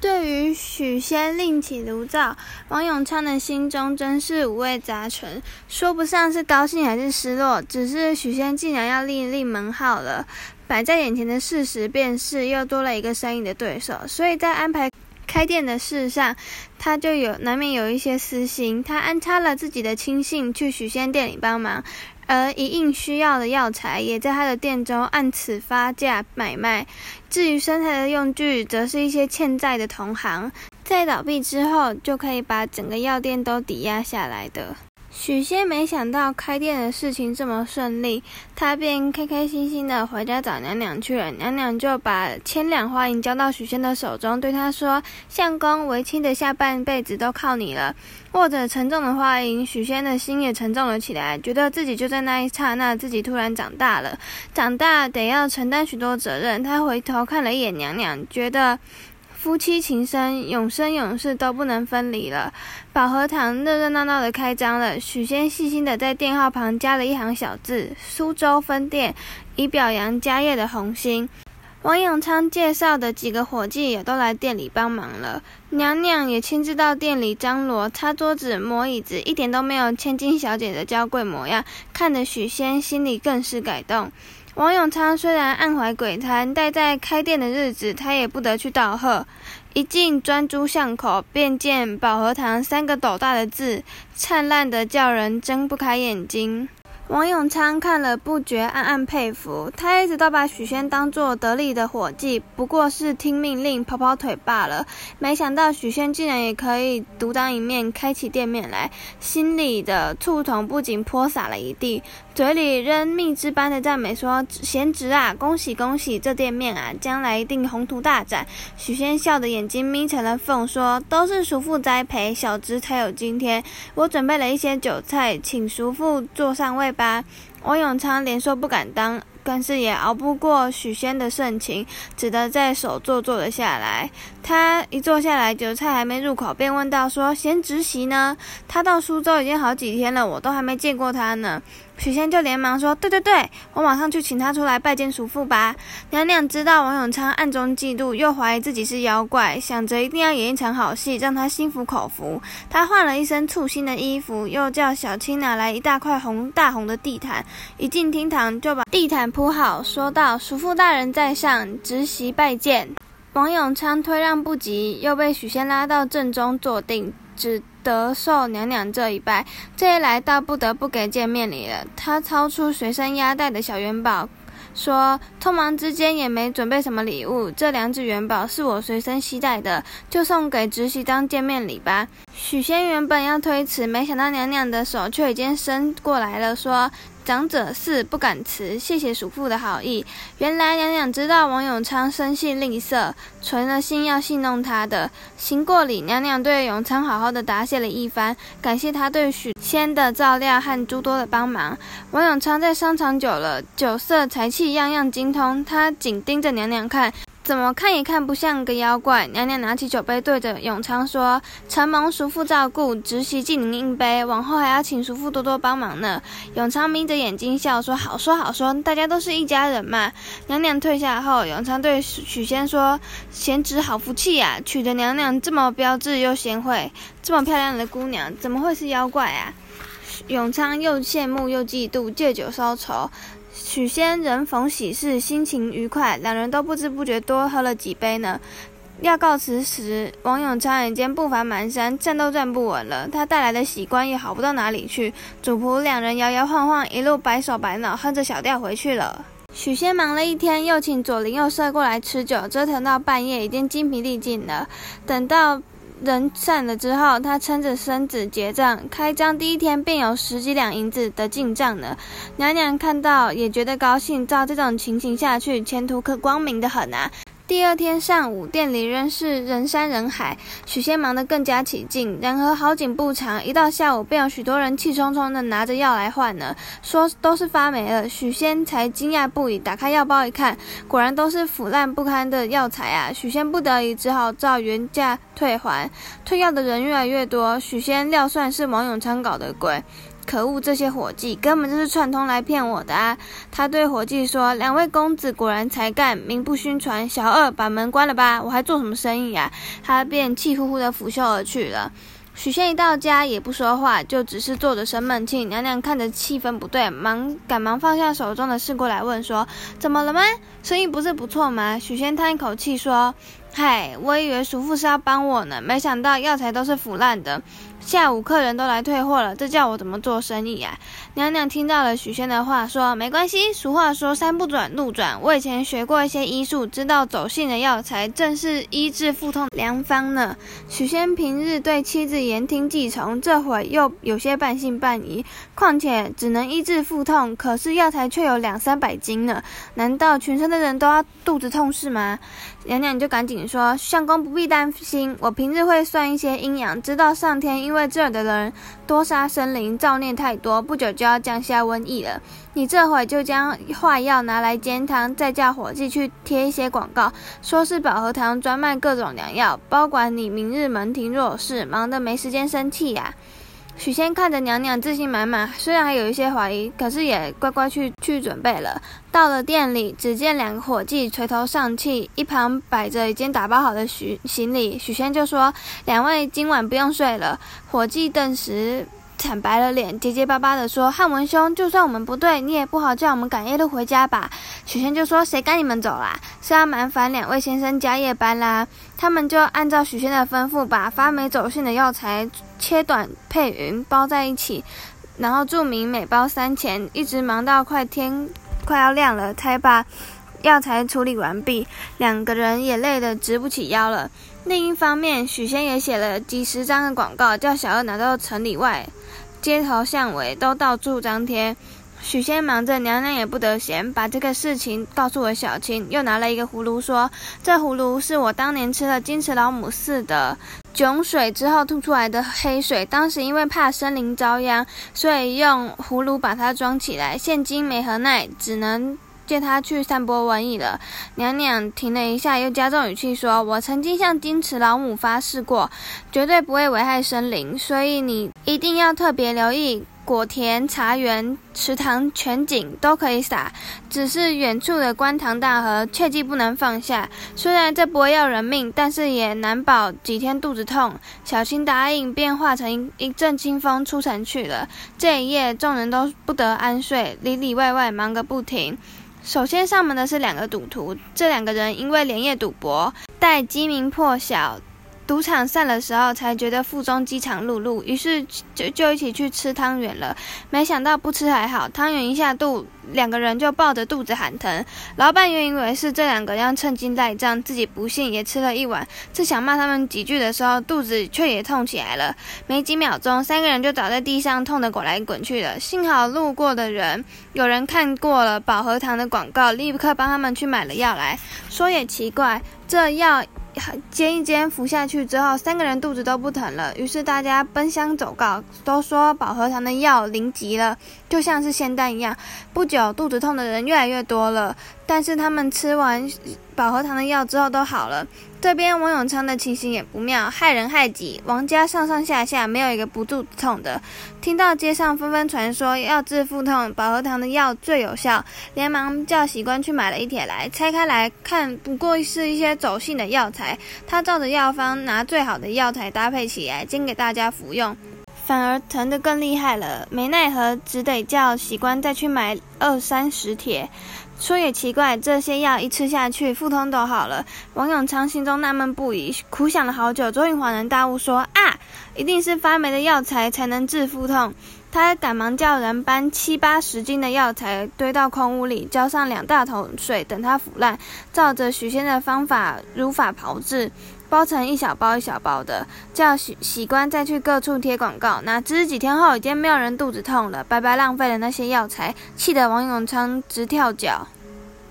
對於許仙另起爐灶，王永昌的心中真是五味雜陳，說不上是高興還是失落。只是許仙竟然要另立，立門號了，擺在眼前的事實便是又多了一個生意的對手，所以，在安排，開店的事上，他就有難免有一些私心。他安插了自己的親信去許仙店裡幫忙，而一應需要的藥材也在他的店中按此發價買賣。至於生產的用具，則是一些欠債的同行，在倒閉之後就可以把整個藥店都抵押下來的。許仙沒想到開店的事情這麼順利，他便開開心心的回家找娘娘去了。娘娘就把千兩花銀交到許仙的手中，對他說：“相公，為妻的下半輩子都靠你了。”握着沉重的花銀，許仙的心也沉重了起來，覺得自己就在那一剎那，自己突然長大了，長大得要承擔許多責任。他回頭看了一眼娘娘，覺得。夫妻情深，永生永世都不能分離了。保和堂熱熱鬧鬧的開張了。許仙細心的在店號旁加了一行小字：“蘇州分店”，以表揚家業的紅心。王永昌介紹的幾個夥計也都來店裡幫忙了。娘娘也親自到店裡張羅，擦桌子、抹椅子，一點都沒有千金小姐的嬌貴模樣，看得許仙心裡更是感動。王永昌雖然暗懷鬼胎，但在開店的日子，他也不得去道賀。一進專諸巷口，便見“保和堂”三個斗大的字，燦爛得叫人睜不開眼睛。王永昌看了不覺暗暗佩服。他一直都把許仙當作得力的伙計，不過是聽命令、跑跑腿罷了。沒想到許仙竟然也可以獨當一面，開起店面來，心裡的醋桶不禁潑灑了一地。嘴裡扔蜜汁般的讚美說：“賢侄啊，恭喜恭喜！這店面啊，將來一定宏圖大展。”許仙笑得眼睛眯成了縫，說：“都是叔父栽培，小侄才有今天。我準備了一些酒菜，請叔父坐上位吧。”王永昌連說不敢當，但是也熬不過許仙的盛情，只得在首座坐了下來。他一坐下來，酒菜還沒入口，便問道：“說賢侄媳呢？他到蘇州已經好幾天了，我都還沒見過他呢。”許仙就連忙說：“對對對，我馬上去請他出來拜見叔父吧。”娘娘知道王永昌暗中嫉妒，又懷疑自己是妖怪，想着一定要演一場好戲，讓他心服口服。她換了一身簇新的衣服，又叫小青拿來一大塊紅大紅的地毯。一進廳堂就把地毯鋪好，說道：“叔父大人在上，姪媳拜見。”王永昌推讓不及，又被許仙拉到正中坐定，只得受娘娘這一拜，這一來倒不得不給見面禮了。他掏出隨身壓帶的小元寶，說：“匆忙之間也沒準備什麼禮物，這兩隻元寶是我隨身攜帶的，就送給侄媳當見面禮吧。”許仙原本要推辭，沒想到娘娘的手卻已經伸過來了，說：“長者事不敢辭，謝謝叔父的好意。”原來娘娘知道王永昌生性吝嗇，存了心要戲弄他的。的行過禮，娘娘對永昌好好的答謝了一番，感謝他對許仙的照料和諸多的幫忙。王永昌在商場久了，酒色財氣樣樣精通，他緊盯着娘娘看。怎麼看也看不像個妖怪。娘娘拿起酒杯，對着永昌說：“承蒙叔父照顧，姪媳敬您一杯，往後還要請叔父多多幫忙呢。”永昌眯着眼睛笑說：“好說好說，大家都是一家人嘛。”娘娘退下後，永昌對許仙說：“賢侄好福氣呀、啊，娶的娘娘這麼標緻又賢惠，這麼漂亮的姑娘，怎麼會是妖怪啊？”永昌又羨慕又嫉妒，借酒消愁。許仙人逢喜事，心情愉快，兩人都不知不覺多喝了幾杯呢。要告辭時，王永昌已經步伐蹣跚，站都站不穩了。他帶來的喜官也好不到哪裡去，主僕兩人搖搖晃晃，一路擺手擺腦，哼着小調回去了。許仙忙了一天，又請左鄰右舍過來吃酒，折騰到半夜，已經筋疲力盡了。等到人散了之後，他撐着身子結賬。開張第一天便有十幾兩銀子的進賬了。娘娘看到也覺得高興。照這種情形下去，前途可光明得很啊！第二天上午，店裡仍是人山人海，許仙忙得更加起勁。然而好景不長，一到下午，便有許多人氣冲沖地拿着藥來換了，說都是發霉了。許仙才驚訝不已，打開藥包一看，果然都是腐爛不堪的藥材啊！許仙不得已只好照原價退還。退藥的人越來越多，許仙料算是王永昌搞的鬼。可惡，這些夥計根本就是串通來騙我的啊！他對夥計說：“兩位公子果然才幹，名不虛傳。”小二，把門關了吧，我還做什麼生意啊？他便氣呼呼地拂袖而去了。許仙一到家也不說話，就只是坐着生悶氣。娘娘看着氣氛不對，忙趕忙放下手中的事過來問說：“怎麼了嗎？生意不是不錯嗎？”許仙嘆一口氣說。嗨，我以為叔父是要幫我呢，沒想到藥材都是腐爛的。下午客人都來退貨了，這叫我怎麼做生意呀、啊？娘娘聽到了許仙的話，說：“沒關係，俗話說山不轉路轉，我以前學過一些醫術，知道走性的藥材正是醫治腹痛良方呢。”許仙平日對妻子言聽計從，這會兒又有些半信半疑。況且只能醫治腹痛，可是藥材卻有兩三百斤呢，難道全村的人都要肚子痛是嗎？娘娘你就趕緊。說相公不必擔心，我平日會算一些陰陽，知道上天因為這兒的人多殺生靈造孽太多，不久就要降下瘟疫了。你這會兒就將化藥拿來煎湯，再叫伙計去貼一些廣告，說是保和堂專賣各種良藥，包管你明日門庭若市，忙得沒時間生氣呀、啊。許仙看着娘娘，自信滿滿，雖然還有一些懷疑，可是也乖乖去去準備了。到了店裡，只見兩個夥計垂頭喪氣，一旁擺着已經打包好的許行李。許仙就說：“兩位今晚不用睡了。”夥計頓時。慘白了臉，結結巴巴地說：“漢文兄，就算我們不對，你也不好叫我們趕夜路回家吧？”許仙就說：“誰趕你們走啦、啊？是要麻煩兩位先生加夜班啦、啊。”他們就按照許仙的吩咐，把發霉走性的藥材切短、配勻、包在一起，然後注明每包三錢，一直忙到快天快要亮了，才把。藥材處理完畢，兩個人也累得直不起腰了。另一方面，許仙也寫了幾十張的廣告，叫小二拿到城裡外，街頭巷尾都到處張貼。許仙忙着，娘娘也不得閒，把這個事情告訴了小青，又拿了一個葫蘆說：“這葫蘆是我當年吃了金池老母寺的窘水之後吐出來的黑水，當時因為怕生靈遭殃，所以用葫蘆把它裝起來。現今沒何奈，只能。”借他去散播瘟疫了。娘娘停了一下，又加重語氣說：“我曾經向金池老母發誓過，絕對不會危害森林。所以你一定要特別留意果田、茶園、池塘、泉井都可以撒，只是遠處的觀塘大河，切記不能放下。雖然這不會要人命，但是也難保幾天肚子痛。”小青答應，便化成一陣清風出城去了。這一夜，眾人都不得安睡，裡裡外外忙個不停。首先上門的是兩個賭徒，這兩個人因為連夜賭博，待雞鳴破曉。賭場散的時候，才覺得腹中飢腸轆轆，於是就就一起去吃湯圓了。沒想到不吃還好，湯圓一下肚，兩個人就抱着肚子喊疼。老闆原以為是這兩個人要趁機賴賬，自己不信也吃了一碗。正想罵他們幾句的時候，肚子卻也痛起來了。沒幾秒鐘，三個人就倒在地上，痛得滾來滾去的。幸好路過的人有人看過了保和堂的廣告，立刻幫他們去買了藥來。來說也奇怪，這藥。煎一煎，服下去之後，三個人肚子都不疼了。於是大家奔相走告，都說保和堂的藥靈極了，就像是仙丹一樣。不久，肚子痛的人越來越多了，但是他們吃完保和堂的藥之後都好了。這邊王永昌的情形也不妙，害人害己，王家上上下下沒有一個不肚痛的。聽到街上紛紛傳說要治腹痛，保和堂的藥最有效，連忙叫喜官去買了一帖來，拆開來看，不過是一些走性的藥材。他照着藥方拿最好的藥材搭配起來，煎給大家服用。反而疼得更厲害了，沒奈何，只得叫喜官再去買二三十帖。說也奇怪，這些藥一吃下去，腹痛都好了。王永昌心中納悶不已，苦想了好久，終於恍然大悟，說：“啊，一定是發霉的藥材才能治腹痛。”他趕忙叫人搬七八十斤的藥材堆到空屋裡，澆上兩大桶水，等它腐爛，照着許仙的方法如法炮製。包成一小包一小包的，叫許喜官再去各處貼廣告。哪知幾天後已經沒有人肚子痛了，白白浪費了那些藥材，氣得王永昌直跳腳。